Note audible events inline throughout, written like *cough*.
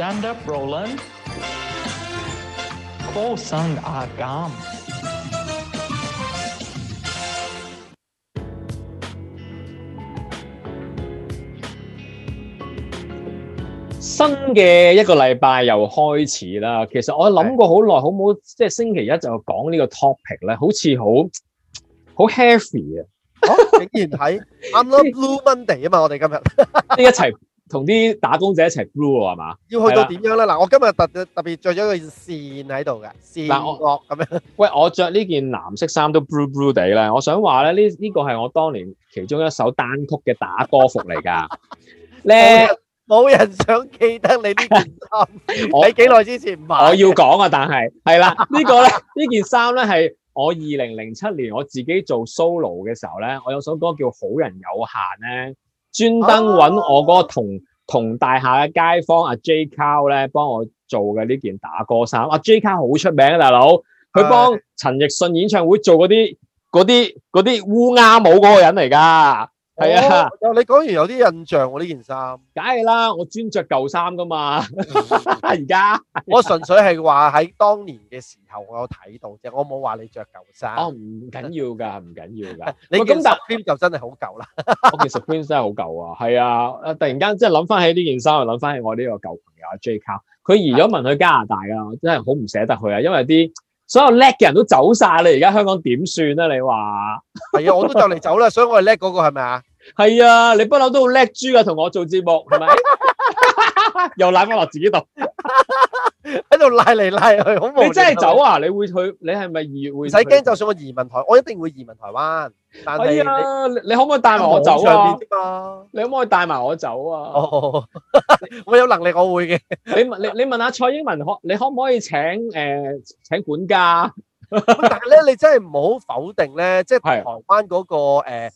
Stand up, Roland！《全勝阿 Gam》新嘅一個禮拜又開始啦。其實我諗過好耐，好唔好即係星期一就講呢個 topic 咧，好似好好 heavy 啊！竟然係《I'm not Blue Monday》啊嘛，我哋今日一齊。同啲打工者一齊 blue 喎，係嘛？要去到點樣咧？嗱，我今日特特別著咗一件線喺度嘅線樂咁樣。喂，我著呢件藍色衫都 blue blue 哋咧。我想話咧，呢呢個係我當年其中一首單曲嘅打歌服嚟㗎。咧冇人想記得你呢件衫。你幾耐之前？我要講啊，但係係啦，呢個咧呢件衫咧係我二零零七年我自己做 solo 嘅時候咧，我有首歌叫《好人有限》咧。專登揾我那個同同大廈嘅街坊阿、啊、J 卡咧，幫我做嘅呢件打歌衫。阿、啊、J 卡好出名啊，大佬，佢幫陳奕迅演唱會做嗰啲嗰啲嗰啲烏鴉帽嗰個人嚟㗎。係、哦、啊，你講完有啲印象我呢件衫，梗係啦，我專着舊衫噶嘛，而 *laughs* 家在我純粹係話喺當年嘅時候我有睇到啫，我冇話你着舊衫。哦，唔緊要噶，唔緊要噶， *laughs* 你件搭 u p 就真係好舊啦，我其實 Supreme 衫好舊啊，係啊，突然間即係諗翻起呢件衫，諗翻起我呢個舊朋友 J 卡，佢移咗文去加拿大啦，的我真係好唔捨得佢啊，因為啲。所有叻嘅人都走晒，你而家香港點算啊？你話係啊，我都就嚟走啦，所以我係叻嗰個係咪啊？係啊，你不嬲都好叻豬啊，同我做節目係咪？ *laughs* *laughs* 又攬返落自己度。 *laughs* 喺度拉嚟拉去，好唔好。你真係走啊？你會去？你係咪移？唔使驚，就算我移民台，我一定會移民台灣。但係啊，你可唔可以帶埋我走啊？你可唔可以帶埋我走啊？我有能力，我會嘅。你問你你問下蔡英文可你可唔可以請誒請管家？但係咧，你真係唔好否定咧，即係台灣嗰個誒誒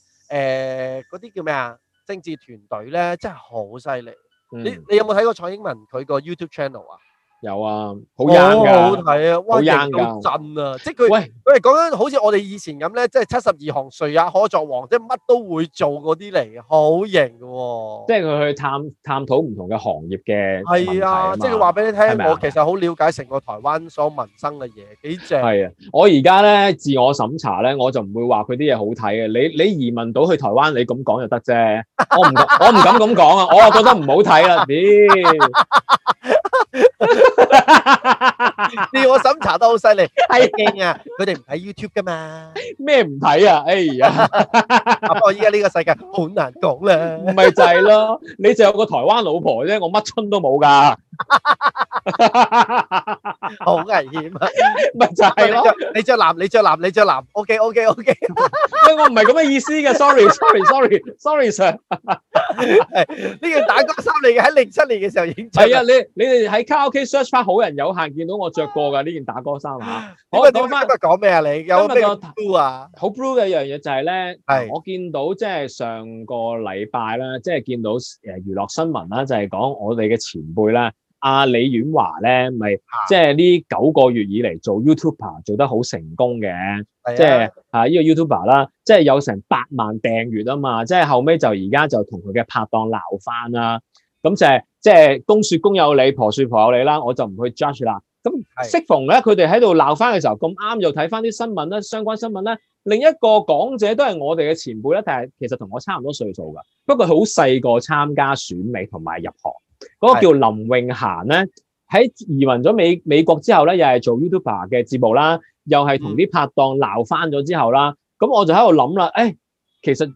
嗰啲叫咩啊政治團隊咧，真係好犀利。你你有冇睇過蔡英文佢個 YouTube channel 啊？有啊，好硬噶，好睇啊，哇，勁到震啊，即係佢喂喂，講緊好似我哋以前咁咧，即係七十二行誰也可作王，即係乜都會做嗰啲嚟，好型噶喎。即係佢去探探討唔同嘅行業嘅係啊，即係佢話俾你聽，我其實好了解成個台灣所民生嘅嘢，幾正係啊。我而家咧自我審查咧，我就唔會話佢啲嘢好睇嘅。你你移民到去台灣，你咁講就得啫。我唔我唔敢咁講啊，我又覺得唔好睇啦，屌。你 *laughs* 我審查得好犀利，係勁啊！佢哋唔睇 YouTube 噶嘛？咩唔睇啊？哎呀！咁 *laughs* *laughs* 我而家呢個世界好難講啦，唔係就係咯， *laughs* 你就有個台灣老婆啫，我乜春都冇噶。 *laughs* 好危險啊！咪就係咯，你着藍，你着藍，你着藍。OK，OK，OK。我唔係咁嘅意思嘅，sorry，sorry，sorry，sorry，Sir。係呢件打歌衫嚟嘅，喺零七年嘅時候影。係啊，你你哋喺卡拉 OK search 翻好人有限見到我着過噶呢件打歌衫啊。我點翻得講咩啊？你有咩 blue 啊？好 blue 嘅一樣嘢就係咧，係我見到，即係上個禮拜啦，即係見到誒娛樂新聞啦，就係講我哋嘅前輩啦。阿李婉華咧，咪即係呢九個月以嚟做 YouTuber 做得好成功嘅，即係啊呢個 YouTuber 啦，即係有成百萬訂閱啊嘛，即係後尾就而家就同佢嘅拍檔鬧翻啦，咁就係即係公説公有理，婆説婆有理啦，我就唔去 judge 啦。咁適逢咧，佢哋喺度鬧翻嘅時候，咁啱又睇翻啲新聞咧，相關新聞咧，另一個講者都係我哋嘅前輩咧，但係其實同我差唔多歲數噶，不過好細個參加選美同埋入行。嗰個叫林詠嫻咧，喺移民咗美美國之後咧，又係做 YouTuber 嘅節目啦，又係同啲拍檔鬧翻咗之後啦，咁、嗯、我就喺度諗啦，誒、欸，其實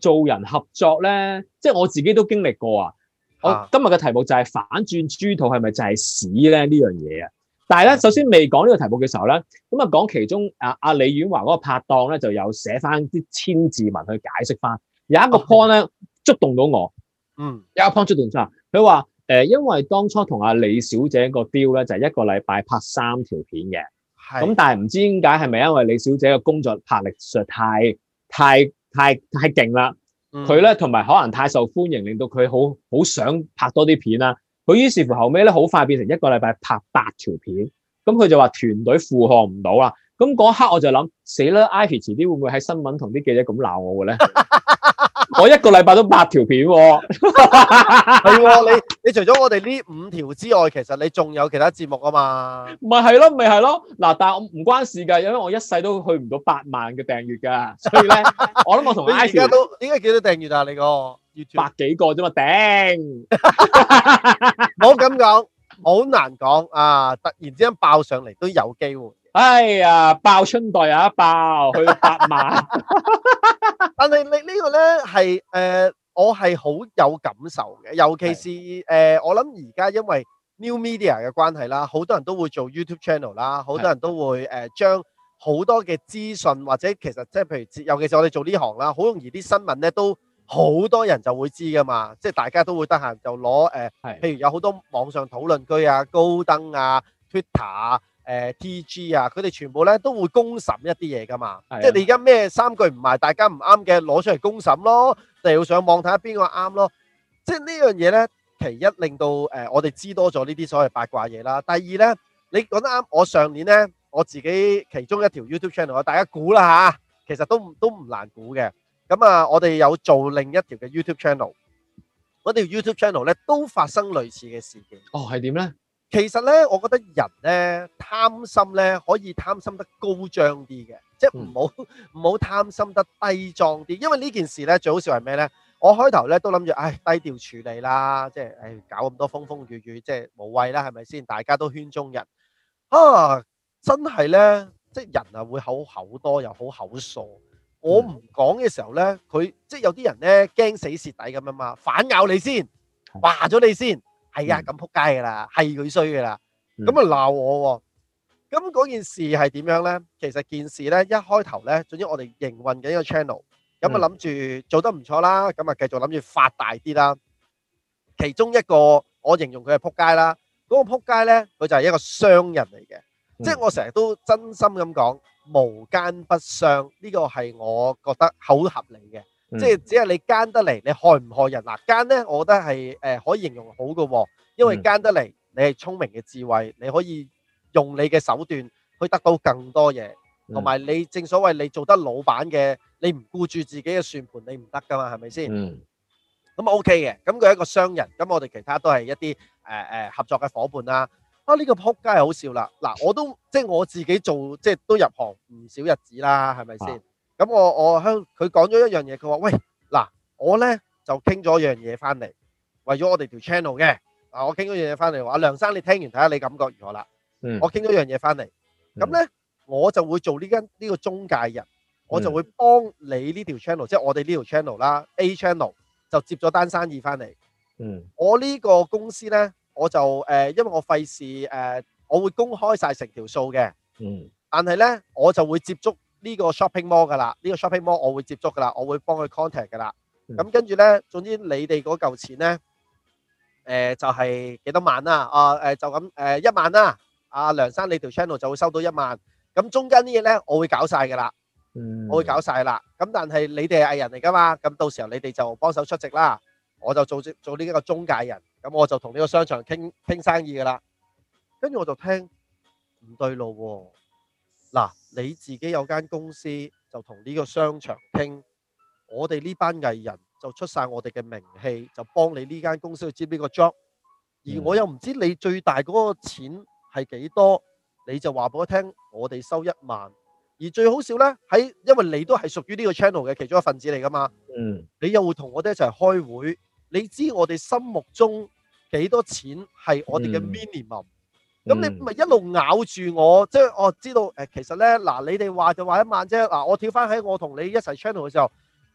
做人合作咧，即係我自己都經歷過啊。啊我今日嘅題目就係反轉豬肚係咪就係屎咧呢樣嘢啊！但係咧，首先未講呢個題目嘅時候咧，咁啊講其中啊阿李婉華嗰個拍檔咧，就有寫翻啲千字文去解釋翻，有一個 point 咧、嗯、觸動到我。嗯，有阿 p o 佢話誒，因為當初同阿李小姐個 deal 咧，就係、是、一個禮拜拍三條片嘅。係的，咁但係唔知點解係咪因為李小姐嘅工作壓力實在太太太太勁啦？佢咧同埋可能太受歡迎，令到佢好好想拍多啲片啦。佢於是乎後尾咧，好快變成一個禮拜拍八條片。咁佢就話團隊負荷唔到啦。咁嗰刻我就諗死啦，Ivy 遲啲會唔會喺新聞同啲記者咁鬧我嘅咧？ *laughs* 我一個禮拜都八條片喎，係喎，你你除咗我哋呢五條之外，其實你仲有其他節目啊嘛？ *laughs* 咪係咯，咪係咯。嗱、啊，但係我唔關事㗎，因為我一世都去唔到八萬嘅訂閱㗎，所以咧，我諗我同 i s *laughs* 你都應該幾多訂閱啊？你個百幾個啫嘛，頂。冇咁講，好難講啊！突然之間爆上嚟都有機會。哎呀，爆春袋又、啊、一爆，去到八萬。 *laughs* 但係你呢個呢係誒，我係好有感受嘅，尤其是誒，我諗而家因為 new media 嘅關係啦，好多人都會做 YouTube channel 啦，好多人都會誒將好多嘅資訊或者其實即係譬如，尤其是我哋做呢行啦，好容易啲新聞呢都好多人就會知噶嘛，即係大家都會得閒就攞誒，譬如有好多網上討論區啊、高登啊、Twitter。誒 T.G. 啊，佢哋全部咧都會公審一啲嘢噶嘛，即係你而家咩三句唔埋，大家唔啱嘅攞出嚟公審咯，就係要上網睇下邊個啱咯。即係呢樣嘢咧，其一令到誒我哋知多咗呢啲所謂八卦嘢啦。第二咧，你講得啱，我上年咧我自己其中一條 YouTube channel，我大家估啦吓，其實都唔都唔難估嘅。咁啊，我哋有做另一條嘅 YouTube channel，我哋 YouTube channel 咧都發生類似嘅事件。哦，係點咧？其實咧，我覺得人咧貪心咧可以貪心得高章啲嘅，嗯、即係唔好唔好貪心得低章啲。因為呢件事咧最好笑係咩咧？我開頭咧都諗住，唉、哎，低調處理啦，即係唉、哎，搞咁多風風雨雨，即係無謂啦，係咪先？大家都圈中人，啊，真係咧，即係人啊會口口多又好口傻。嗯、我唔講嘅時候咧，佢即係有啲人咧驚死蝕底咁啊嘛，反咬你先，話咗你先。係啊，咁撲街噶啦，係佢衰噶啦，咁啊鬧我喎。咁嗰件事係點樣咧？其實件事咧一開頭咧，總之我哋營運緊一個 channel，咁啊諗住做得唔錯啦，咁啊繼續諗住發大啲啦。其中一個我形容佢係撲街啦，嗰個撲街咧，佢就係一個商人嚟嘅，即係我成日都真心咁講，無奸不商，呢個係我覺得好合理嘅。即係只係你奸得嚟，你害唔害人？嗱，奸咧，我覺得係誒、呃、可以形容好嘅喎，因為奸得嚟，你係聰明嘅智慧，你可以用你嘅手段去得到更多嘢，同埋你正所謂你做得老闆嘅，你唔顧住自己嘅算盤，你唔得噶嘛，係咪先？嗯、OK，咁 OK 嘅，咁佢係一個商人，咁我哋其他都係一啲誒誒合作嘅伙伴啦、啊。啊，呢、呢個仆街係好笑啦。嗱，我都即係我自己做，即係都入行唔少日子啦，係咪先？啊咁我我向佢講咗一樣嘢，佢話：喂，嗱，我咧就傾咗一樣嘢翻嚟，為咗我哋條 channel 嘅。嗱，我傾咗樣嘢翻嚟，話梁生，你聽完睇下你感覺如何啦。嗯。我傾咗樣嘢翻嚟，咁咧我就會做呢間呢個中介人，我就會幫你呢條 channel，即係我哋呢條 channel 啦，A channel 就接咗單生意翻嚟。嗯。我呢個公司咧，我就誒，因為我費事誒，我會公開曬成條數嘅。嗯。但係咧，我就會接觸。呢個 shopping mall 噶啦，呢個 shopping mall 我會接觸噶啦，我會幫佢 contact 噶啦。咁跟住咧，總之你哋嗰嚿錢咧，誒就係幾多萬啦，啊誒就咁誒一萬啦。阿梁生你條 channel 就會收到一萬。咁中間啲嘢咧，我會搞曬噶啦，我會搞曬啦。咁但係你哋係藝人嚟噶嘛，咁到時候你哋就幫手出席啦，我就做做呢一個中介人，咁我就同呢個商場傾傾生意噶啦。跟住我就聽唔對路喎。嗱，你自己有間公司就同呢個商場傾，我哋呢班藝人就出晒我哋嘅名氣，就幫你呢間公司去接呢個 job，而我又唔知你最大嗰個錢係幾多，你就話俾我聽，我哋收一萬，而最好笑嘅係，因為你都係屬於呢個 channel 嘅其中一份子嚟噶嘛，嗯，你又會同我哋一齊開會，你知我哋心目中幾多錢係我哋嘅 minimum。咁、嗯、你咪一路咬住我，即係我知道誒，其實咧嗱，你哋話就話一萬啫。嗱，我跳翻喺我同你一齊 channel 嘅時候，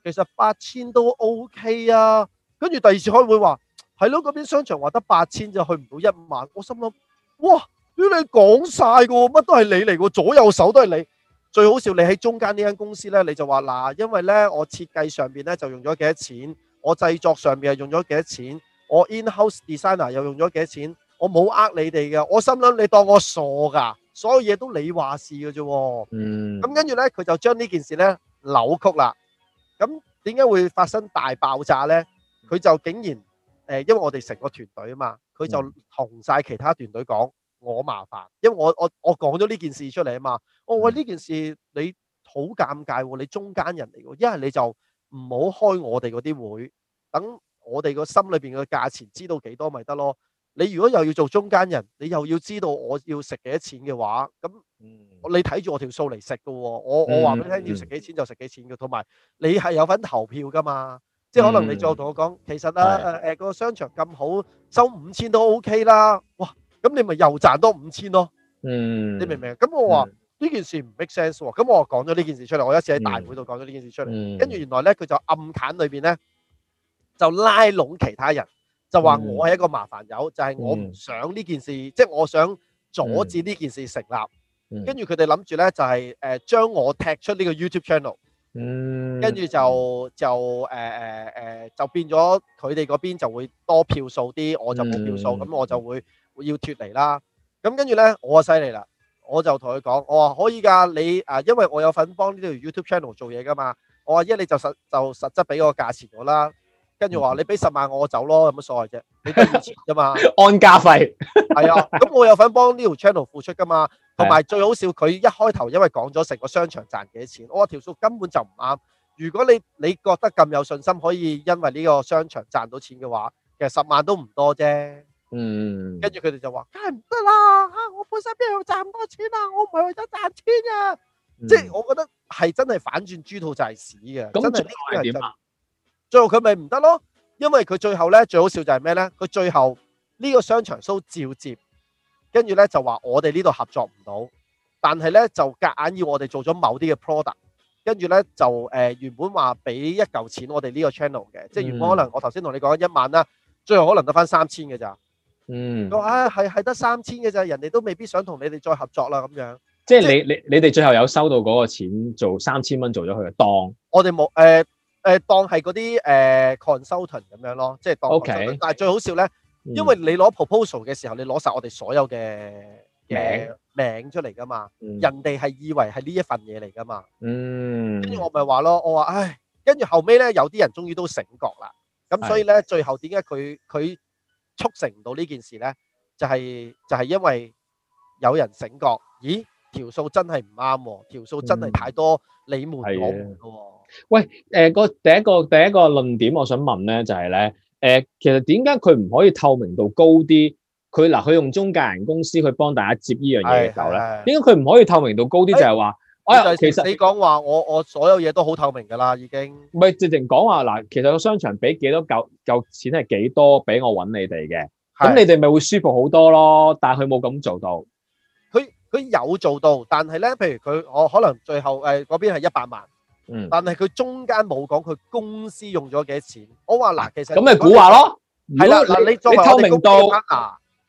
其實八千都 OK 啊。跟住第二次開會話係咯，嗰邊商場話得八千就去唔到一萬。我心諗哇，屌你講晒㗎喎，乜都係你嚟喎，左右手都係你。最好笑你喺中間呢間公司咧，你就話嗱，因為咧我設計上邊咧就用咗幾多錢，我製作上邊係用咗幾多錢，我 in-house designer 又用咗幾多錢。我冇呃你哋嘅，我心諗你當我傻噶，所有嘢都你話事嘅啫。嗯，咁跟住咧，佢就將呢件事咧扭曲啦。咁點解會發生大爆炸咧？佢就竟然誒，因為我哋成個團隊啊嘛，佢就同晒其他團隊講我麻煩，因為我我我講咗呢件事出嚟啊嘛。我話呢件事你好尷尬喎，你中間人嚟嘅，一係你就唔好開我哋嗰啲會，等我哋個心裏邊嘅價錢知道幾多咪得咯。你如果又要做中間人，你又要知道我要食幾多錢嘅話，咁你睇住我條數嚟食噶喎。我我話俾你聽，要食幾錢就食幾錢嘅，同埋你係有份投票噶嘛。即係可能你再同我講，其實啊誒誒、啊嗰個商場咁好，收五千都 OK 啦。哇，咁你咪又賺多五千咯。嗯，你明唔明？咁我話呢件事唔 make sense 喎。咁我講咗呢件事出嚟，我一次喺大會度講咗呢件事出嚟，跟住原來咧佢就暗揀裏邊咧就拉攏其他人。就話我係一個麻煩友，就係、是、我唔想呢件事，嗯、即係我想阻止呢件事成立。跟住佢哋諗住咧，就係誒將我踢出呢個 YouTube channel。嗯，跟住就就誒誒誒，就變咗佢哋嗰邊就會多票數啲，我就冇票數，咁、嗯、我就會要脫離啦。咁跟住咧，我就犀利啦，我就同佢講，我話可以噶，你啊，因為我有份幫呢條 YouTube channel 做嘢噶嘛，我話一你就實就實，就實質俾個價錢我啦。跟住話你俾十萬我走咯，有乜所謂啫？你得現錢啫嘛，安 *laughs* 家費係啊。咁 *laughs* 我有份幫呢條 channel 付出噶嘛，同埋最好笑佢一開頭因為講咗成個商場賺幾錢，我條數根本就唔啱。如果你你覺得咁有信心可以因為呢個商場賺到錢嘅話，其實十萬都唔多啫。嗯，跟住佢哋就話梗係唔得啦嚇！我本身邊度要賺咁多錢啊？我唔係為咗賺錢啊！嗯、即係我覺得係真係反轉豬肚就係屎嘅，嗯、真係最後佢咪唔得咯，因為佢最後咧最好笑就係咩咧？佢最後呢個商場都照接，跟住咧就話我哋呢度合作唔到，但係咧就夾硬要我哋做咗某啲嘅 product，跟住咧就誒、呃、原本話俾一嚿錢我哋呢個 channel 嘅，嗯、即係原本可能我頭先同你講一萬啦，最後可能得翻三千嘅咋？嗯，我話係，係得三千嘅咋，人哋都未必想同你哋再合作啦咁樣。即係是是你你你哋最後有收到嗰個錢做三千蚊做咗佢嘅當？我哋冇誒。呃誒當係嗰啲誒 consultant 咁樣咯，即係當。但係最好笑咧，因為你攞 proposal 嘅時候，你攞晒我哋所有嘅名名出嚟㗎嘛，人哋係以為係呢一份嘢嚟㗎嘛。嗯。跟住我咪話咯，我話唉，跟住後尾咧，有啲人終於都醒覺啦。咁所以咧，最後點解佢佢促成唔到呢件事咧？就係就係因為有人醒覺，咦，條數真係唔啱，條數真係太多，你門我門㗎喎。喂，誒，個第一個第一個論點，我想問咧，就係咧，誒，其實點解佢唔可以透明度高啲？佢嗱，佢用中介人公司去幫大家接呢樣嘢嘅時候咧，點解佢唔可以透明度高啲？就係話，誒，其實你講話我我所有嘢都好透明噶啦，已經唔係直情講話嗱，其實個商場俾幾多嚿嚿錢係幾多，俾我搵你哋嘅，咁你哋咪會舒服好多咯。但係佢冇咁做到，佢佢有做到，但係咧，譬如佢我可能最後誒嗰邊係一百萬。嗯，但係佢中間冇講佢公司用咗幾多錢，我話嗱，其實咁咪估話咯，係啦，嗱你作為我哋公司 partner，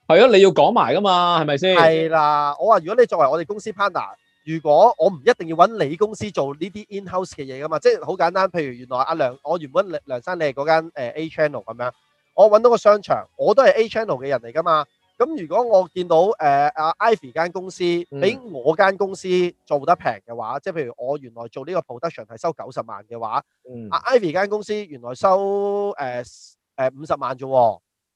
係啊，你要講埋㗎嘛，係咪先？係啦，我話如果你作為我哋公司 partner，如果我唔一定要揾你公司做呢啲 in-house 嘅嘢㗎嘛，即係好簡單，譬如原來阿梁，我原本梁生你係嗰間誒 A channel 咁樣，我揾到個商場，我都係 A channel 嘅人嚟㗎嘛。咁如果我見到誒阿 Ivy 間公司比我間公司做得平嘅話，即係譬如我原來做呢個 production 係收九十萬嘅話，阿 Ivy 間公司原來收誒誒五十萬啫，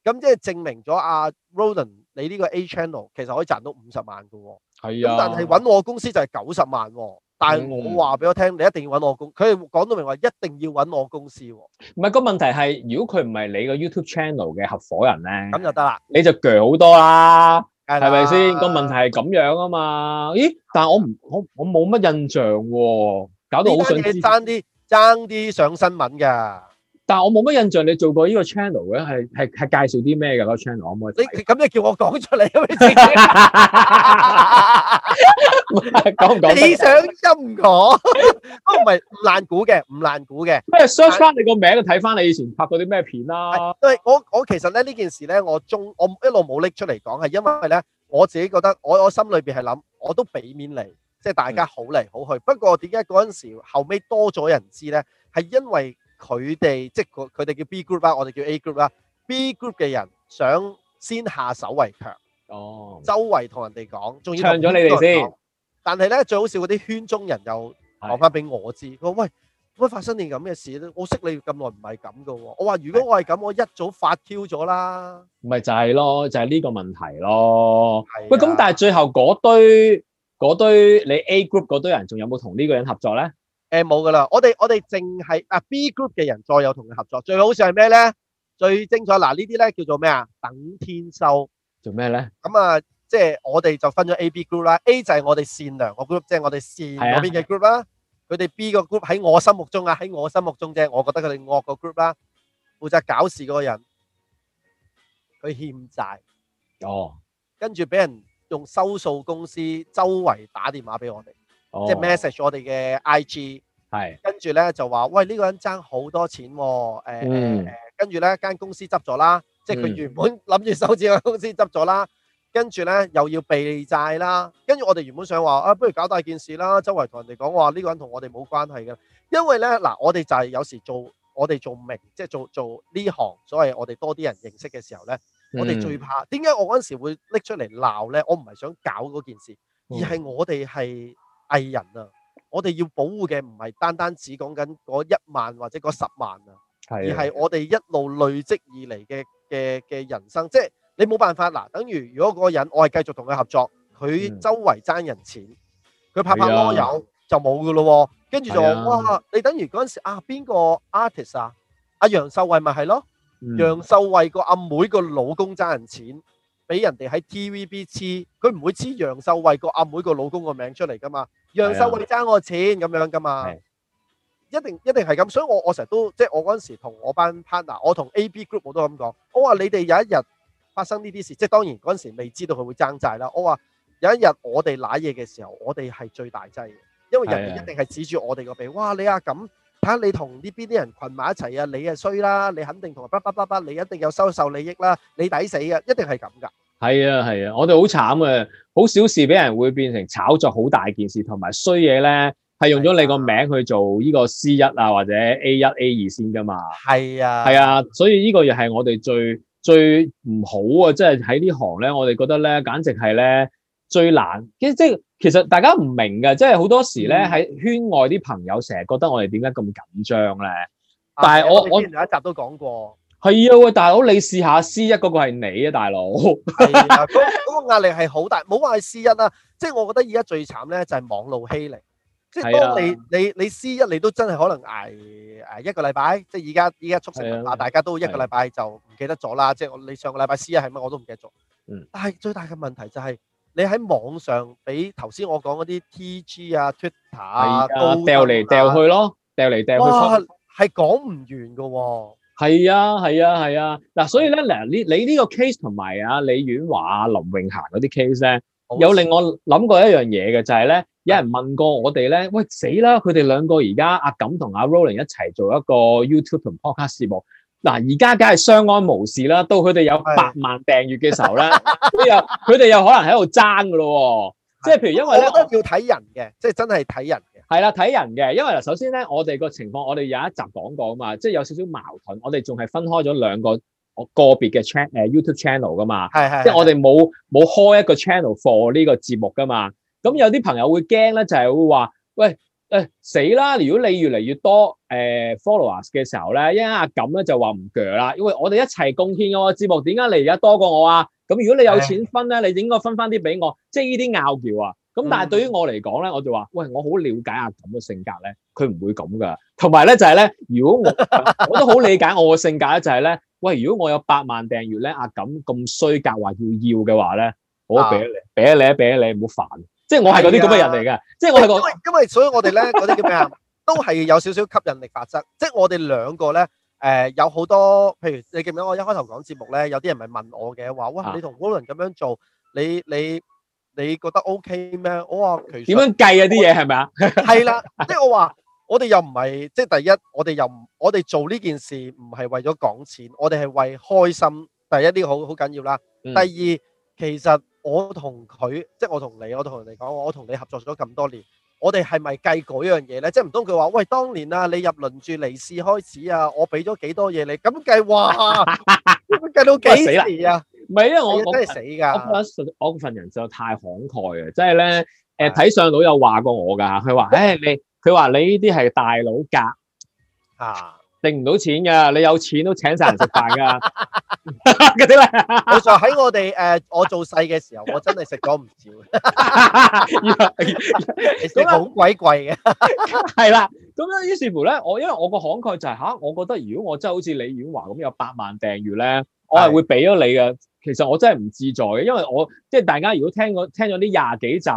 咁即係證明咗阿 Rodon 你呢個 A channel 其實可以賺到五十萬嘅喎，係啊呀，但係揾我公司就係九十萬喎、哦。但係我話俾我聽，你一定要揾我公，佢哋講到明話一定要揾我公司。唔係個問題係，如果佢唔係你個 YouTube Channel 嘅合夥人咧，咁就得啦，你就強好多啦，係咪先？個問題係咁樣啊嘛？咦？但係我唔，我我冇乜印象喎、啊，搞到好想爭啲爭啲上新聞噶。但係我冇乜印象你做過呢個 channel 嘅，係係係介紹啲咩噶咯 channel，可唔可以？你咁你叫我講出嚟，講唔講？你想陰我？我唔係唔爛估嘅，唔爛估嘅。咩？search 翻你個名，睇翻你以前拍過啲咩片啦。因為我我其實咧呢件事咧，我中我一路冇拎出嚟講，係因為咧我自己覺得我我心裏邊係諗，我都俾面嚟，即係大家好嚟好去。的不過點解嗰陣時後尾多咗人知咧？係因為。佢哋即係佢，佢哋叫 B group 啦，我哋叫 A group 啦。B group 嘅人想先下手為強，哦，周圍同人哋講，仲要唱咗你哋先。但係咧，最好笑嗰啲圈中人又講翻俾我知，佢話：是喂，點解發生啲咁嘅事咧？我識你咁耐，唔係咁嘅喎。我話：如果我係咁，是我一早發 Q 咗啦。唔咪就係咯，就係、是、呢個問題咯。啊、喂，咁但係最後嗰堆嗰堆你 A group 嗰堆人仲有冇同呢個人合作咧？誒，冇噶啦，我哋我哋淨係啊 B group 嘅人再有同佢合作，最好似係咩咧？最精彩嗱，呢啲咧叫做咩啊？等天收做咩咧？咁啊，即係我哋就分咗 A、B group 啦。A 就係我哋善良個 group，即係我哋善嗰邊嘅 group 啦。佢哋 B 個 group 喺我心目中啊，喺我心目中啫，我覺得佢哋惡個 group 啦，負責搞事嗰個人，佢欠債哦，跟住俾人用收數公司周圍打電話俾我哋。即係 message 我哋嘅 IG，係是跟住咧就話喂呢、呢個人爭好多錢，啊，誒，跟住咧間公司執咗啦，即係佢原本諗住收錢間公司執咗啦，跟住咧又要避債啦，跟住我哋原本想話啊不如搞大件事啦，周圍同人哋講話呢個人同我哋冇關係嘅，因為咧嗱我哋就係有時做我哋做唔明，即係做做呢行，所謂我哋多啲人認識嘅時候咧、嗯，我哋最怕點解我嗰陣時會拎出嚟鬧咧？我唔係想搞嗰件事，而係我哋係。藝人啊，我哋要保護嘅唔係單單只講緊嗰一萬或者嗰十萬啊，的而係我哋一路累積而嚟嘅嘅嘅人生，即係你冇辦法嗱，等於如果嗰個人我係繼續同佢合作，佢周圍爭人錢，佢拍拍籮柚就冇噶咯，跟住就話的哇，你等於嗰陣時啊邊個 artist 啊，阿楊秀慧咪係咯，楊秀慧個、嗯、阿妹個老公爭人錢。俾人哋喺 TVB 黐，佢唔會黐楊秀慧個阿妹個老公個名出嚟㗎嘛？楊秀慧爭我錢咁樣㗎嘛的一？一定一定係咁，所以我我成日都即係我嗰陣時同我班 partner，我同 AB Group 我都咁講，我話你哋有一日發生呢啲事，即係當然嗰陣時未知道佢會爭債啦。我話有一日我哋瀨嘢嘅時候，我哋係最大劑嘅，因為人哋一定係指住我哋個鼻，的哇！你阿、啊、咁。嚇！你同呢邊啲人群埋一齊啊？你係衰啦！你肯定同埋不不不你一定有收受利益啦！你抵死啊！一定係咁噶。係啊係啊，我哋好慘啊！好少事俾人會變成炒作，好大件事同埋衰嘢咧，係用咗你個名去做呢個 C 一啊或者 A 一 A 二先噶嘛。係啊係啊，所以個、就是、呢個又係我哋最最唔好啊！即係喺呢行咧，我哋覺得咧，簡直係咧。最難，其實即係其實大家唔明嘅，即係好多時咧，喺圈外啲朋友成日覺得我哋點解咁緊張咧？但係我我有一集都講過，係啊喂，大佬你試下 C 一嗰個係你啊，大佬，係啊，嗰個壓力係好大，冇話係 C 一啦，即係我覺得而家最慘咧就係網絡欺凌，即係當你你你 C 一你都真係可能挨誒一個禮拜，即係而家而家速成啊，大家都一個禮拜就唔記得咗啦，即係我你上個禮拜 C 一係乜我都唔記得咗，嗯，但係最大嘅問題就係。你喺網上畀頭先我講嗰啲 TG 啊、Twitter 啊，掉嚟掉去咯，掉嚟掉去。哇，係講唔完噶喎！係啊，係啊，係啊！嗱，所以咧，嗱，呢你呢個 case 同埋啊李婉華啊林永賢嗰啲 case 咧，有令我諗過一樣嘢嘅，就係咧，有人問過我哋咧，喂死啦！佢哋兩個而家阿錦同阿 Rolling 一齊做一個 YouTube 同 podcast 節目。嗱，而家梗係相安無事啦。到佢哋有百萬訂閱嘅時候咧，佢是的 又佢哋 *laughs* 又可能喺度爭噶咯。即係的譬如因為咧，都要睇人嘅，我即係真係睇人嘅。係啦，睇人嘅。因為嗱，首先咧，我哋個情況，我哋有一集講過啊嘛，即係有少少矛盾。我哋仲係分開咗兩個個別嘅 channel 誒，YouTube channel 噶嘛。係係是的。即係我哋冇冇開一個 channel for 呢個節目噶嘛。咁有啲朋友會驚咧，就係會話，喂。誒死啦！如果你越嚟越多誒 followers 嘅時候咧，因為阿錦咧就話唔鋸啦，因為我哋一齊貢獻個節目點解你而家多過我啊？咁如果你有錢分咧，你應該分翻啲俾我，即係呢啲拗撬啊！咁但係對於我嚟講咧，我就話喂，我好了解阿錦嘅性格咧，佢唔會咁噶。同埋咧就係咧，如果我我都好理解我嘅性格咧，就係咧喂，如果我有八萬訂閱咧，阿錦咁衰格話要要嘅話咧，我都俾你俾你俾你，唔好煩。即係我係嗰啲咁嘅人嚟嘅，啊、即係我係個，因為所以我呢，我哋咧嗰啲叫咩啊？都係有少少吸引力法則。即係我哋兩個咧，誒、呃，有好多，譬如你記唔記得我一開頭講節目咧，有啲人咪問我嘅話，哇，你同高倫咁樣做，你你你覺得 OK 咩？我話其實點樣計啊啲嘢係咪啊？係啦，即係我話，我哋又唔係，即係第一，我哋又唔，我哋做呢件事唔係為咗講錢，我哋係為開心。第一啲好好緊要啦，第二。嗯其實我同佢，即係我同你，我同人哋講，我同你合作咗咁多年，我哋係咪計嗰樣嘢咧？即係唔通佢話，喂，當年啊，你入輪住利是開始啊，我俾咗幾多嘢你？咁計哇，咁計到幾時啊？唔係因為，我真係死㗎！我份人就太慷慨啊！即係咧，誒睇相佬有話過我㗎，佢話，誒你，佢話你呢啲係大佬格啊！定唔到錢噶，你有錢都請晒人食飯噶。 *laughs* *laughs* 我就喺我哋誒，我做細嘅時候，我真係食咗唔少。咁好鬼貴嘅，係啦。咁咧，於是乎咧，我因為我個慷慨就係吓，我覺得如果我真係好似李婉華咁有八萬訂閱咧，的我係會俾咗你嘅。其實我真係唔自在嘅，因為我即係大家如果聽咗聽咗呢廿幾集，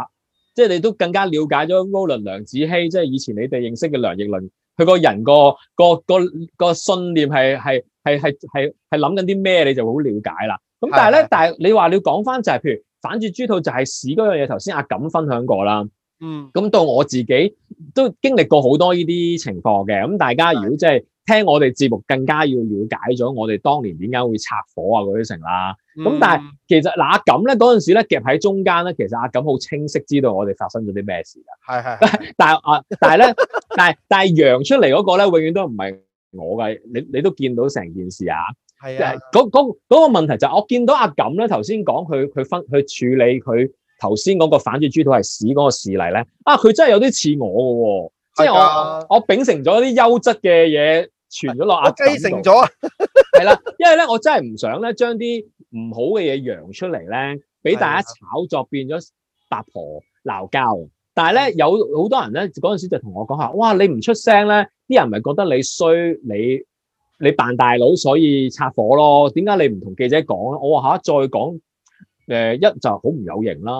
即係你都更加了解咗 Roland 梁子希，即係以前你哋認識嘅梁奕倫。佢個人個個個個信念係係係係係係諗緊啲咩，你就會好了解啦。咁但係咧，但係的你話你要講翻就係，譬如反轉豬肚就係屎嗰樣嘢，頭先阿錦分享過啦。嗯，咁到我自己都經歷過好多呢啲情況嘅，咁大家如果即係聽我哋節目，更加要了解咗我哋當年點解會拆夥啊嗰啲成啦。咁、嗯、但係其實嗱阿錦咧嗰陣時咧夾喺中間咧，其實阿錦好清晰知道我哋發生咗啲咩事嘅。係係，但係但係啊，但係咧，但係但係揚出嚟嗰個咧，永遠都唔係我嘅。你你都見到成件事啊？係啊，嗰嗰嗰個問題就係、是、我見到阿錦咧頭先講佢佢分佢處理佢。頭先嗰個反轉豬肚係屎嗰個事例咧，啊佢真係有啲似我嘅，哦，即係的我、啊、我秉承咗啲優質嘅嘢存咗落，阿積成咗，係 *laughs* 啦，因為咧我真係唔想咧將啲唔好嘅嘢揚出嚟咧，俾大家炒作變咗八婆鬧交。但係咧的有好多人咧嗰陣時就同我講嚇，哇！你唔出聲咧，啲人咪覺得你衰，你你，你扮大佬所以拆火咯？點解你唔同記者講？我話嚇，再講，再誒、呃，一就好唔有型啦，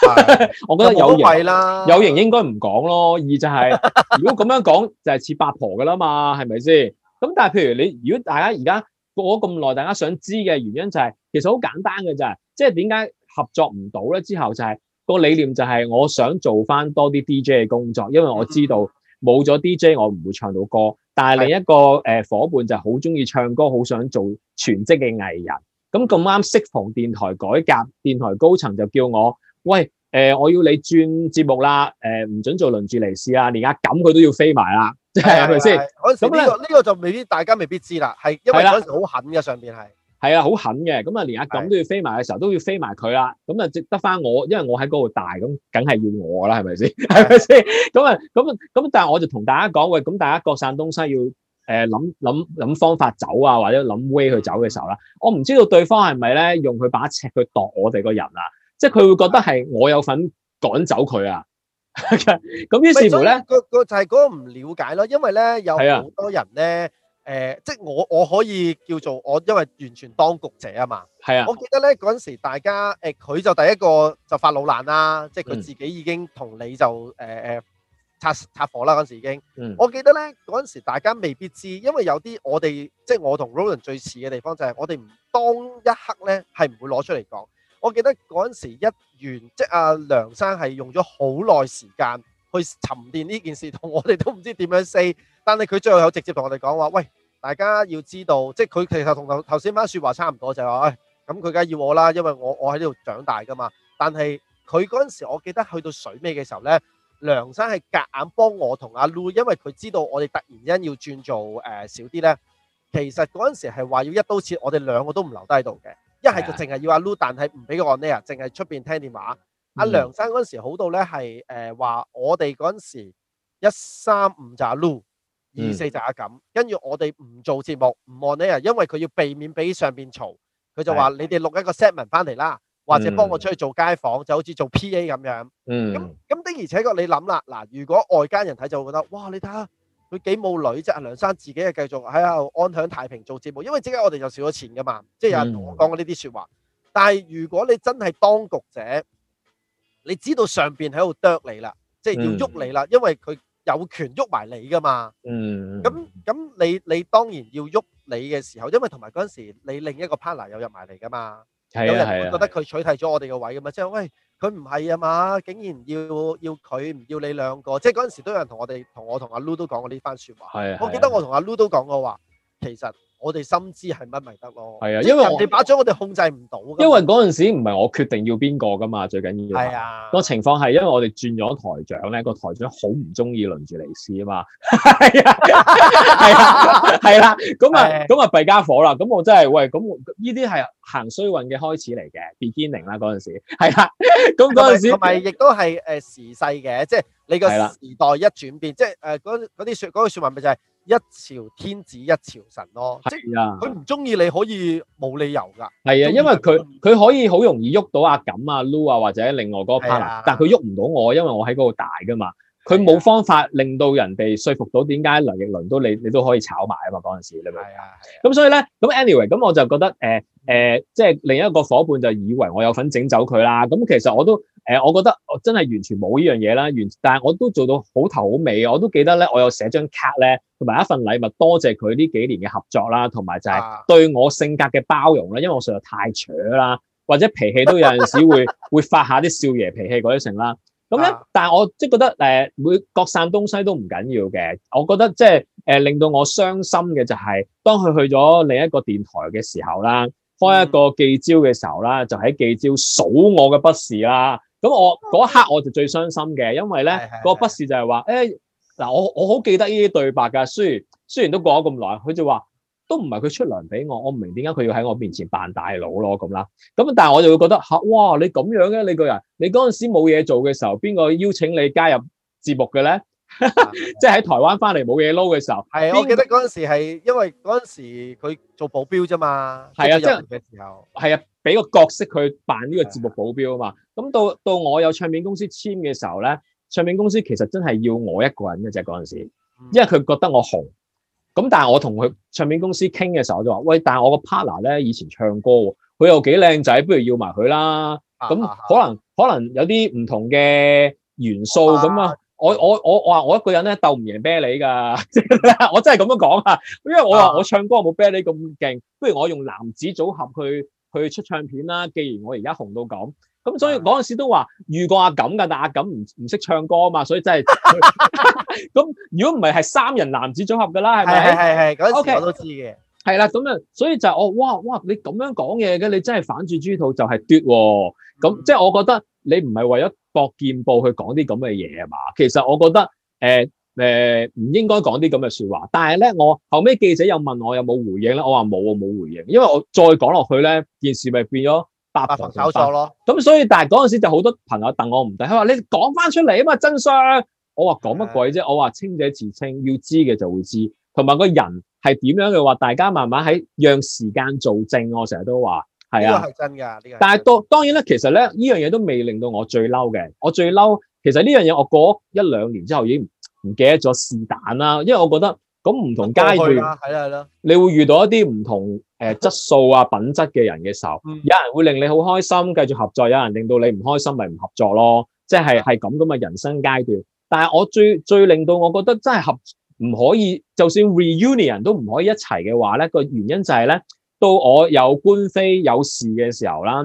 是 *laughs* 我覺得有型啦，有型應該唔講咯。二就係、是、 *laughs* 如果咁樣講就係、是、似八婆噶啦嘛，係咪先？咁但係譬如你如果大家而家過咗咁耐，大家想知嘅原因就係、是、其實好簡單嘅就係、是，即係點解合作唔到咧？之後就係、是個理念就係我想做翻多啲 DJ 嘅工作，因為我知道冇咗 DJ 我唔會唱到歌。嗯、但係另一個誒、呃、伙伴就好中意唱歌，好想做全職嘅藝人。咁咁啱適逢電台改革，電台高層就叫我喂，誒我要你轉節目啦，誒唔准做輪住嚟試啊，連阿錦佢都要飛埋啦，即係係咪先？咁呢個呢個就未必大家未必知啦，係因為嗰陣時好狠嘅上邊係，係啊好狠嘅，咁啊連阿錦都要飛埋嘅時候都要飛埋佢啦，咁啊值得翻我，因為我喺嗰度大，咁梗係要我啦，係咪先？係咪先？咁啊咁咁，但係我就同大家講喂，咁大家各散東西要。誒諗諗諗方法走啊，或者諗 way 去走嘅時候啦，我唔知道對方係咪咧用佢把尺去度我哋個人啊，即係佢會覺得係我有份趕走佢啊。咁 *laughs* 於是乎咧，就是、個就係嗰個唔了解咯，因為咧有好多人咧，誒、啊呃，即係我我可以叫做我，因為完全當局者啊嘛。係啊。我記得咧嗰陣時，大家誒佢、呃、就第一個就發老難啦，嗯、即係佢自己已經同你就誒誒。呃拆拆夥啦！嗰時已經，嗯、我記得咧嗰陣時，大家未必知，因為有啲我哋，即係我同 Roland 最似嘅地方就係，我哋唔當一刻咧係唔會攞出嚟講。我記得嗰陣時一完，即阿、啊、梁生係用咗好耐時間去沉澱呢件事，同我哋都唔知點樣 say。但係佢最後有直接同我哋講話，喂，大家要知道，即係佢其實同頭頭先番説話差唔多，就係、是、話、哎，誒，咁佢梗係要我啦，因為我我喺呢度長大噶嘛。但係佢嗰陣時，我記得去到水尾嘅時候咧。梁生係夾硬幫我同阿 Lu，因為佢知道我哋突然間要轉做誒少啲咧，其實嗰陣時係話要一刀切，我哋兩個都唔留低度嘅。一係就淨係要阿 Lu，但係唔俾佢 on air，淨係出邊聽電話。阿梁生嗰陣時好到咧係誒話，我哋嗰陣時一三五就阿 Lu，二四就阿錦，跟住我哋唔做節目唔 on air，因為佢要避免俾上邊嘈。佢就話你哋錄一個 segment 翻嚟啦。或者幫我出去做街訪，就好似做 P.A. 咁樣。嗯，咁咁的，而且確你諗啦，嗱，如果外間人睇就會覺得，哇，你睇下佢幾冇女啫，梁生自己係繼續喺度安享太平做節目。因為即刻我哋又少咗錢噶嘛，即係有人同我講過呢啲説話。嗯、但係如果你真係當局者，你知道上邊喺度啄你啦，即係要喐你啦，因為佢有權喐埋你噶嘛。嗯，咁咁你你當然要喐你嘅時候，因為同埋嗰陣時你另一個 partner 又入埋嚟噶嘛。有人會覺得佢取替咗我哋個位咁嘛，即係喂佢唔係啊嘛，竟然要要佢唔要你兩個，即係嗰陣時都有人同我哋同我同阿 Ludo 講過呢番説話。係。我記得我同阿 Ludo 講過話，其實。我哋心知係乜咪得咯，係啊，因為我人哋把掌我哋控制唔到。因為嗰陣時唔係我決定要邊個噶嘛，最緊要係啊個情況係，因為我哋轉咗台長咧，個台長好唔中意輪住嚟試啊嘛，係啊， *laughs* 係啊，係啦，咁啊，咁啊弊家伙啦，咁我真係喂，咁呢啲係行衰運嘅開始嚟嘅 beginning 啦嗰陣時係啦，咁嗰陣時係亦都係誒時勢嘅，即係、呃就係、你個時代一轉變，即係誒嗰啲說嗰、呃嗰個、說話咪就係、係。嗰個一朝天子一朝臣咯、哦，啊、即係佢唔中意你可以冇理由㗎。係啊，因為佢佢可以好容易喐到阿錦啊、Loo 啊或者另外嗰個 partner，但係佢喐唔到我，因為我喺嗰度大㗎嘛。佢冇方法令到人哋說服到點解梁奕倫都你你都可以炒埋啊嘛，嗰陣時，你明唔明啊？咁、啊、所以咧，咁 anyway，咁我就覺得誒誒，即、呃、係、呃就是、另一個伙伴就以為我有份整走佢啦。咁其實我都誒、呃，我覺得我真係完全冇呢樣嘢啦。完，但係我都做到好頭好尾嘅。我都記得咧，我有寫張卡咧，同埋一份禮物，多謝佢呢幾年嘅合作啦，同埋就係對我性格嘅包容咧。因為我實在太扯啦，或者脾氣都有陣時會 *laughs* 會發下啲少爺脾氣嗰一成啦。咁咧，啊、但係我即係覺得誒、呃，會各散東西都唔緊要嘅。我覺得即係誒，令到我傷心嘅就係、是、當佢去咗另一個電台嘅時候啦，嗯、開一個記招嘅時候啦，嗯、就喺記招數我嘅不是啦。咁我嗰一刻我就最傷心嘅，因為咧、嗯、個不是就係話，誒、欸、嗱，我我好記得呢啲對白㗎，雖然雖然都過咗咁耐，佢就話。都唔係佢出糧俾我，我唔明點解佢要喺我面前扮大佬咯咁啦。咁但係我就會覺得嚇哇，你咁樣嘅、啊、你個人，你嗰陣時冇嘢做嘅時候，邊個邀請你加入節目嘅咧？即係喺台灣翻嚟冇嘢撈嘅時候。係，我記得嗰陣時係因為嗰陣時佢做保鏢啫嘛。係啊，即係、就是。係啊，俾個角色佢扮呢個節目保鏢啊嘛。咁到到我有唱片公司簽嘅時候咧，唱片公司其實真係要我一個人嘅啫嗰陣時，嗯、因為佢覺得我紅。咁但係我同佢唱片公司傾嘅時候，我就話：喂，但係我個 partner 咧以前唱歌喎，佢又幾靚仔，不如要埋佢啦。咁、啊、可能、啊、可能有啲唔同嘅元素咁啊！啊啊我我我我話我一個人咧鬥唔贏啤 i l 噶， *laughs* 我真係咁樣講啊！因為我我唱歌冇啤 i 咁勁，不如我用男子組合去去出唱片啦。既然我而家紅到咁。咁所以嗰陣時都話遇過阿錦㗎，但阿錦唔唔識唱歌啊嘛，所以真係咁。如果唔係係三人男子組合㗎啦，係咪？係係係嗰陣我都知嘅。係啦，咁啊，所以就我、係、哇哇，你咁樣講嘢嘅，你真係反轉豬肚就係屎喎。咁即係我覺得你唔係為咗搏見報去講啲咁嘅嘢啊嘛。其實我覺得誒誒唔應該講啲咁嘅説話。但係咧，我後尾記者又問我有冇回應咧，我話冇啊，冇回應，因為我再講落去咧，件事咪變咗。八防九守咯，咁所以但係嗰陣時就好多朋友戥我唔抵，佢話你講翻出嚟啊嘛真相，我話講乜鬼啫？的我話清者自清，要知嘅就會知，同埋個人係點樣嘅話，大家慢慢喺讓時間做證。我成日都話係啊，呢個係真㗎，呢個。但係當當然咧，其實咧呢樣嘢都未令到我最嬲嘅，我最嬲其實呢樣嘢我過一兩年之後已經唔記得咗是但啦，因為我覺得。咁唔同階段，係啦係啦，你會遇到一啲唔同誒、呃、質素啊品質嘅人嘅時候，嗯、有人會令你好開心繼續合作，有人令到你唔開心咪唔合作咯，即係係咁咁嘅人生階段。但係我最最令到我覺得真係合唔可以，就算 reunion 都唔可以一齊嘅話咧，個原因就係、是、咧，到我有官非有事嘅時候啦，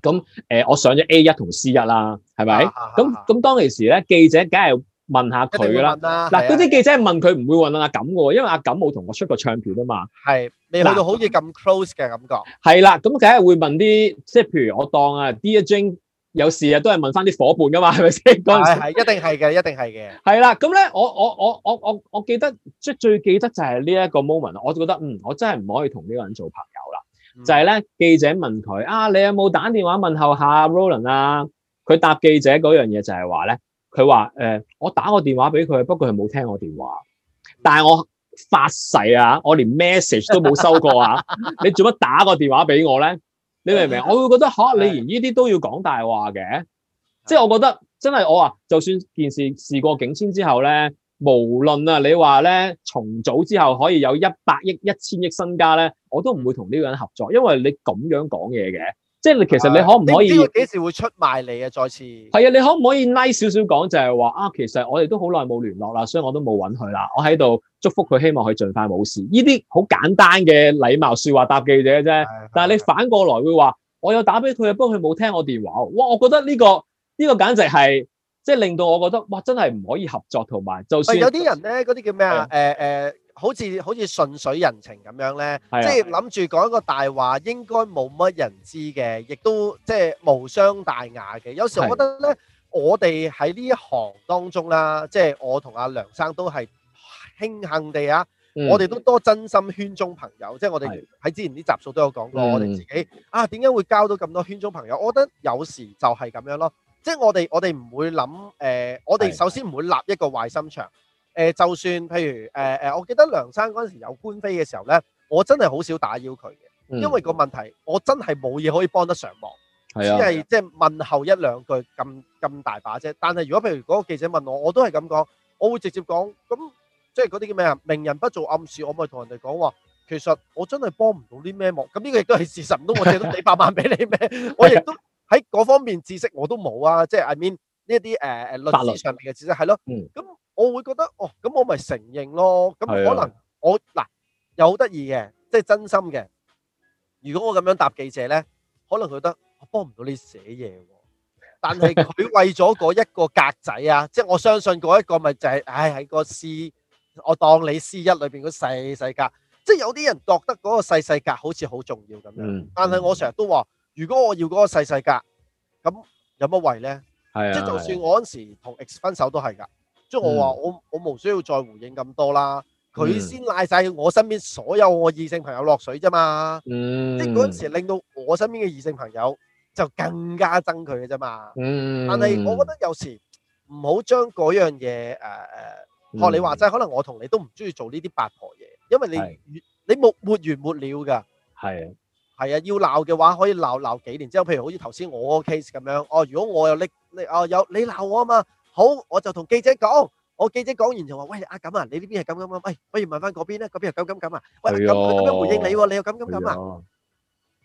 咁誒、呃、我上咗 A1 同 C1 啦，係咪？咁咁、啊啊、當其時咧，記者梗係。問下佢啦，嗱，嗰啲記者問佢唔會問阿錦嘅喎，因為阿錦冇同我出過唱片啊嘛。係，未去到好似咁 close 嘅感覺。係啦，咁梗係會問啲，即係譬如我當啊 Dear Jane 有時啊都係問翻啲伙伴噶嘛，係咪先？係係，一定係嘅，一定係嘅。係啦，咁咧我我我我我我記得即係最記得就係呢一個 moment，我就覺得嗯我真係唔可以同呢個人做朋友啦，就係咧記者問佢啊，你有冇打電話問候下 Roland 啊？佢答記者嗰樣嘢就係話咧。佢話：誒、欸，我打個電話俾佢，不過佢冇聽我電話。但係我發誓啊，我連 message 都冇收過啊！ *laughs* 你做乜打個電話俾我咧？你明唔明？ *laughs* 我會覺得嚇，你連呢啲都要講大話嘅。即係 *laughs* 我覺得真係我啊，就算件事事過境遷之後咧，無論啊，你話咧重組之後可以有一百億、一千億身家咧，我都唔會同呢個人合作，因為你咁樣講嘢嘅。即係你其實你可唔可以？點知幾時會出賣你啊？再次係啊，你可唔可以拉少少講？就係話啊，其實我哋都好耐冇聯絡啦，所以我都冇揾佢啦。我喺度祝福佢，希望佢盡快冇事。呢啲好簡單嘅禮貌説話答記者啫。是是是是，但係你反過來會話，我有打俾佢，不過佢冇聽我電話哇！我覺得呢個呢個簡直係即係令到我覺得哇，真係唔可以合作同埋，就算有啲人咧，嗰啲叫咩啊？誒誒、哦。呃呃好似好似順水人情咁樣咧，即係諗住講一個大話，應該冇乜人知嘅，亦都即係無傷大雅嘅。有時候我覺得咧，啊、我哋喺呢一行當中啦，即係我同阿梁生都係慶幸地啊，嗯、我哋都多真心圈中朋友。即係我哋喺之前啲集數都有講過，嗯、我哋自己啊點解會交到咁多圈中朋友？我覺得有時就係咁樣咯。即係我哋我哋唔會諗誒，我哋、呃、首先唔會立一個壞心腸。誒，就算譬如誒誒，我記得梁生嗰陣時有官非嘅時候咧，我真係好少打擾佢嘅，因為個問題我真係冇嘢可以幫得上忙，只係即係問候一兩句咁咁大把啫。但係如果譬如嗰個記者問我，我都係咁講，我會直接講，咁即係嗰啲叫咩啊？明人不做暗事，我咪同人哋講話，其實我真係幫唔到啲咩忙。咁呢個亦都係事實，唔通我借咗幾百萬俾你咩？我亦都喺嗰方面知識我都冇啊，即係 I mean。呢一啲誒誒律師上面嘅知識係咯，咁我會覺得哦，咁我咪承認咯，咁、嗯、可能我嗱又好得意嘅，即係真心嘅。如果我咁樣答記者咧，可能佢覺得我幫唔到你寫嘢喎，但係佢為咗嗰一個格仔啊， *laughs* 即係我相信嗰一個咪就係唉喺個 C，我當你 C 一裏邊嗰細細格，即係有啲人覺得嗰個細細格好似好重要咁樣，嗯、但係我成日都話，如果我要嗰個細細格，咁有乜為咧？即係就算我嗰時同 ex 分手都係㗎，即係我話我我冇需要再回應咁多啦，佢先拉晒我身邊所有我異性朋友落水啫嘛，即係嗰陣時令到我身邊嘅異性朋友就更加憎佢嘅啫嘛。嗯，但係我覺得有時唔好將嗰樣嘢誒誒，學你話齋，可能我同你都唔中意做呢啲八婆嘢，因為你你冇沒完沒了㗎。係啊，係啊，要鬧嘅話可以鬧鬧幾年之後，即係譬如好似頭先我個 case 咁樣，哦，如果我有拎。你啊，有你鬧我啊嘛，好，我就同記者講，我記者講完就話喂，阿錦啊，你呢邊係咁咁咁，喂，不如問翻嗰邊啦，嗰邊又咁咁咁啊，喂，咁咁樣回應你喎，你又咁咁咁啊，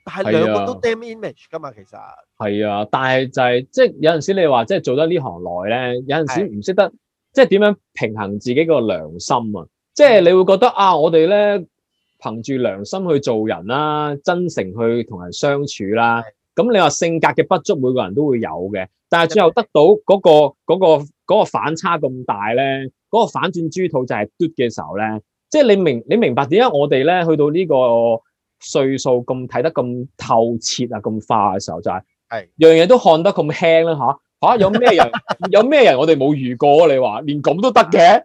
但係兩個都 damn image，噶嘛，其實係啊，但係就係即係有陣時你話即係做得呢行耐咧，有陣時唔識得即係點樣平衡自己個良心啊，即係你會覺得啊，我哋咧憑住良心去做人啦，真誠去同人相處啦。咁你話性格嘅不足，每個人都會有嘅，但係最後得到嗰個嗰個嗰個反差咁大咧，嗰個反轉豬肚就係嘟嘅時候咧，即係你明你明白點解我哋咧去到呢個歲數咁睇得咁透徹啊，咁化嘅時候就係係樣嘢都看得咁輕啦，吓吓有咩人有咩人我哋冇遇過啊，你話連咁都得嘅，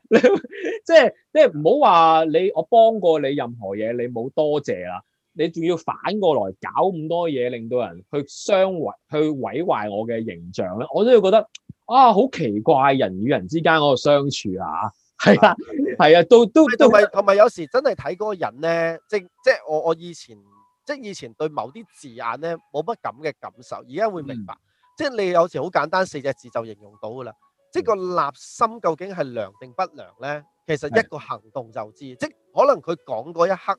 即係即係唔好話你你我幫過你任何嘢，你冇多謝啦。你仲要反過來搞咁多嘢，令到人去傷毀，去毀壞我嘅形象咧？我都要覺得啊，好奇怪人與人之間嗰個相處啊，係啊，係 *laughs* 啊，都都同埋，同埋有時真係睇嗰個人咧，即、就、即、是就是、我我以前即、就是、以前對某啲字眼咧冇乜咁嘅感受，而家會明白，即、嗯、你有時好簡單四隻字就形容到噶啦，即、就是、個立心究竟係良定不良咧？其實一個行動就知，是的 即可能佢講嗰一刻。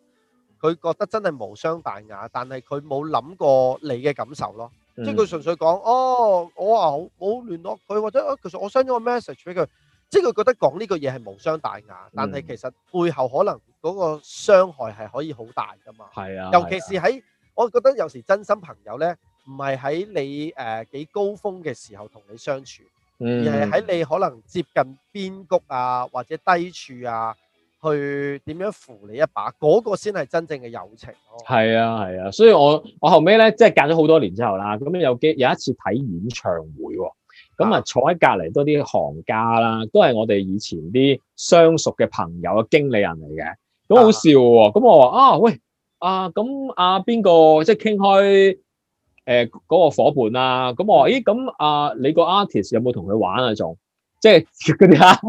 佢覺得真係無傷大雅，但係佢冇諗過你嘅感受咯。嗯、即係佢純粹講，哦，我話冇聯絡佢或者、哦、其實我 send 咗個 message 俾佢。即係佢覺得講呢個嘢係無傷大雅，嗯、但係其實背後可能嗰個傷害係可以好大噶嘛。係啊、嗯，尤其是喺、嗯、我覺得有時真心朋友咧，唔係喺你誒、呃、幾高峰嘅時候同你相處，而係喺你可能接近邊谷啊或者低處啊。去點樣扶你一把，嗰、那個先係真正嘅友情咯。係、oh. 啊，係啊，所以我我後尾咧，即係隔咗好多年之後啦，咁有幾有一次睇演唱會喎，咁啊坐喺隔離多啲行家啦，都係我哋以前啲相熟嘅朋友嘅經理人嚟嘅，都好笑喎。咁我話啊喂，啊咁啊邊個即係傾開誒嗰個夥伴啊？咁、呃那個啊、我話咦咁啊你個 artist 有冇同佢玩啊？仲？即係嗰啲啦，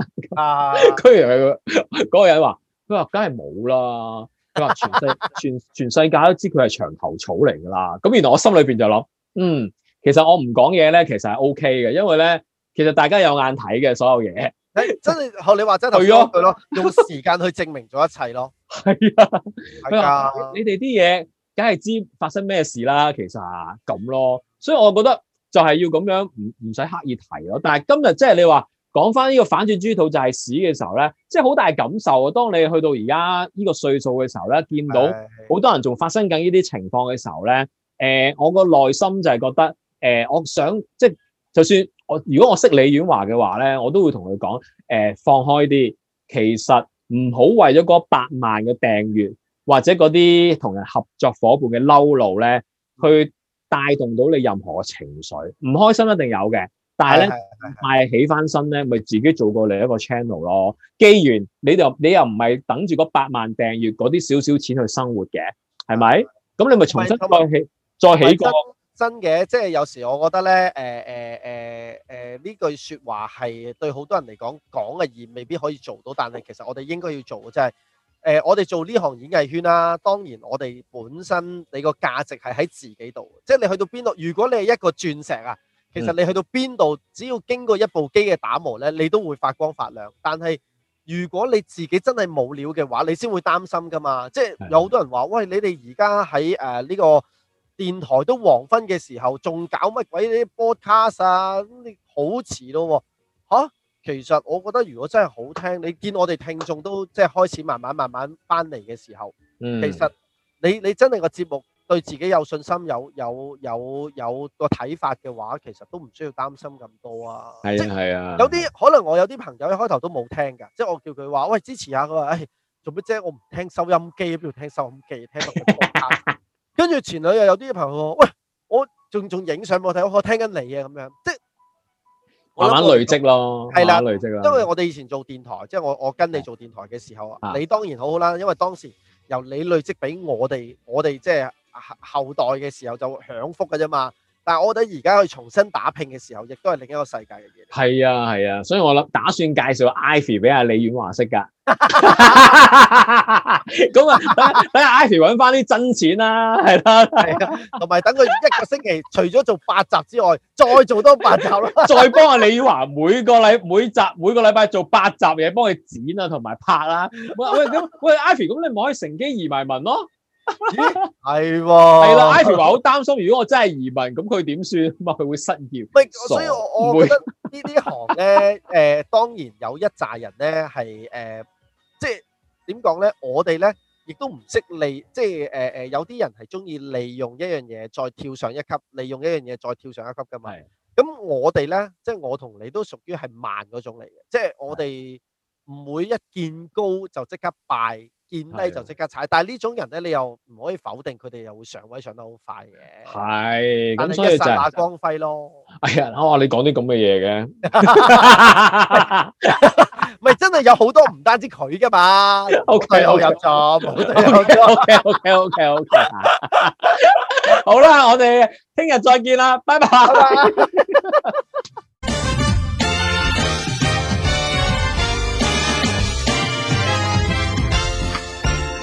居 *laughs* 然佢嗰個人話，佢話梗係冇啦，佢話全世全全世界都知佢係牆頭草嚟噶啦。咁原來我心裏邊就諗，嗯，其實我唔講嘢咧，其實係 O K 嘅，因為咧，其實大家有眼睇嘅所有嘢，真係學你話真係，係咯、啊，係咯，用時間去證明咗一切咯，係 *laughs* 啊，係啊， *laughs* 你哋啲嘢，梗係知發生咩事啦，其實啊咁咯，所以我覺得就係要咁樣，唔唔使刻意提咯。但係今日即係你話。講翻呢個反轉豬肚就係屎嘅時候咧，即係好大感受啊！當你去到而家呢個歲數嘅時候咧，見到好多人仲發生緊呢啲情況嘅時候咧，誒、呃，我個內心就係覺得，誒、呃，我想即係就算我如果我識李婉華嘅話咧，我都會同佢講，誒、呃，放開啲，其實唔好為咗嗰百萬嘅訂閱或者嗰啲同人合作夥伴嘅嬲路咧，去帶動到你任何嘅情緒，唔開心一定有嘅。但係咧，再起翻身咧，咪自己做過另一個 channel 咯。既然你又你又唔係等住嗰百萬訂閱嗰啲少少錢去生活嘅，係咪？咁你咪重新再起，再起過真嘅。即係有時我覺得咧，誒誒誒誒，呢句說話係對好多人嚟講講嘅，而未必可以做到。但係其實我哋應該要做嘅就係，誒，我哋做呢行演藝圈啦。當然我哋本身你個價值係喺自己度，即係你去到邊度，如果你係一個鑽石啊。其實你去到邊度，只要經過一部機嘅打磨咧，你都會發光發亮。但係如果你自己真係冇料嘅話，你先會擔心噶嘛。即係有好多人話：，是的 喂，你哋而家喺誒呢個電台都黃昏嘅時候，仲搞乜鬼呢啲 broadcast 啊？好遲咯、啊，吓、啊。其實我覺得如果真係好聽，你見我哋聽眾都即係開始慢慢慢慢翻嚟嘅時候，是的 嗯、其實你你真係個節目。對自己有信心、有有有有個睇法嘅話，其實都唔需要擔心咁多啊。係啊，係啊。有啲可能我有啲朋友一開頭都冇聽㗎，即係我叫佢話，喂支持下佢話，誒做乜啫？我唔聽收音機，邊度聽收音機？聽乜乜乜？跟住前兩日有啲朋友喂，我仲仲影相俾我睇，我聽緊你啊咁樣，即係慢慢累積咯。係啦，累積啊。因為我哋以前做電台，即係我我跟你做電台嘅時候啊，你當然好好啦，因為當時由你累積俾我哋，我哋即係。後代嘅時候就會享福嘅啫嘛，但係我覺得而家去重新打拼嘅時候，亦都係另一個世界嘅嘢。係啊，係啊，所以我諗打算介紹 Ivy 俾阿李婉華識噶。咁 *laughs* *laughs* 啊，啊等下 Ivy 搵翻啲真錢啦，係啦，同埋等佢一個星期，除咗做八集之外，再做多八集啦。再幫阿李婉華每個禮每集每個禮拜做八集嘢，幫佢剪啊同埋拍啊。喂喂咁，喂，喂 Ivy，咁你唔可以乘機移埋民咯？係喎，係啦。Ivy 話好擔心，如果我真係移民，咁佢點算啊？佢會失業。唔係，所以我我唔會呢啲行咧。誒，當然有一紮人咧係誒，即係點講咧？我哋咧亦都唔識利，即係誒誒，有啲人係中意利用一樣嘢再跳上一級，利用一樣嘢再跳上一級噶嘛。咁我哋咧，即係我同你都屬於係慢嗰種嚟嘅，即係我哋唔會一見高就即刻拜。見低就即刻踩，但係呢種人咧，你又唔可以否定佢哋又會上位上得好快嘅。係，咁所以就係一剎那光輝咯。哎呀，哇！你講啲咁嘅嘢嘅，唔係真係有好多唔單止佢㗎嘛。O K，我有錯。O K，O K，O K，O K。好啦，我哋聽日再見啦，拜拜。